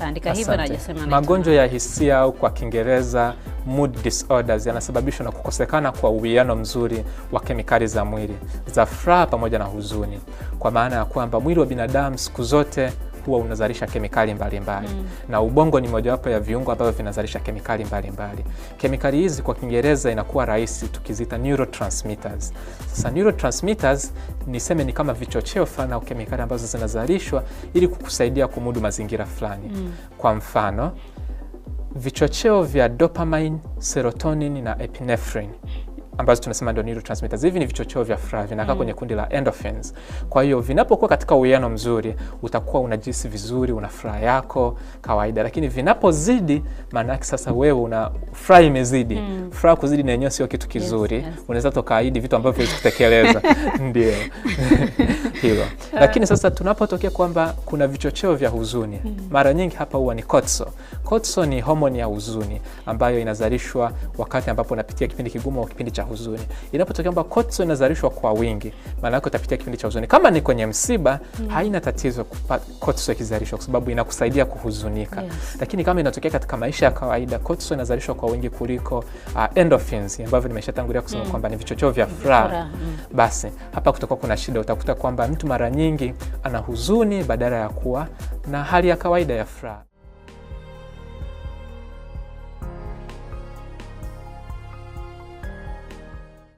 kaandika hivyo na hajasema magonjwa ya hisia au kwa Kiingereza mood disorders yanasababishwa na kukosekana kwa uwiano mzuri wa kemikali za mwili za furaha pamoja na huzuni, kwa maana ya kwamba mwili wa binadamu siku zote huwa unazalisha kemikali mbalimbali mbali. Mm. Na ubongo ni mojawapo ya viungo ambavyo vinazalisha kemikali mbalimbali mbali. Kemikali hizi kwa Kiingereza inakuwa rahisi tukizita neurotransmitters. Sasa neurotransmitters niseme ni kama vichocheo fulani au kemikali ambazo zinazalishwa ili kukusaidia kumudu mazingira fulani. Mm. Kwa mfano vichocheo vya dopamine, serotonin na epinephrine ambazo tunasema ndio neurotransmitters. Hivi ni vichocheo vya furaha vinakaa mm. kwenye kundi la endorphins. Kwa hiyo vinapokuwa katika uwiano mzuri, utakuwa unajisi vizuri, una furaha yako kawaida, lakini vinapozidi, maanake sasa wewe una furaha imezidi. mm. Furaha kuzidi na yenyewe sio kitu kizuri. yes, yes. Unaweza tukaahidi vitu ambavyo huwezi kutekeleza ndio hilo. Ah. Lakini sasa tunapotokea kwamba kuna vichocheo vya huzuni, mm. mara nyingi hapa huwa ni kotso Cortisol ni homoni ya huzuni ambayo inazalishwa wakati ambapo unapitia kipindi kigumu au kipindi cha huzuni. Inapotokea kwamba cortisol inazalishwa kwa wingi, maana yake utapitia kipindi cha huzuni. Kama ni kwenye msiba, mm. haina tatizo kupata cortisol ikizalishwa kwa sababu inakusaidia kuhuzunika. Yes. Lakini kama inatokea katika maisha ya kawaida, cortisol inazalishwa kwa wingi kuliko uh, endorphins ambavyo nimeshatangulia kusema mm. kwamba ni vichocheo vya furaha. Mm. Basi hapa kutakuwa kuna shida, utakuta kwamba mtu mara nyingi ana huzuni badala ya kuwa na hali ya kawaida ya furaha.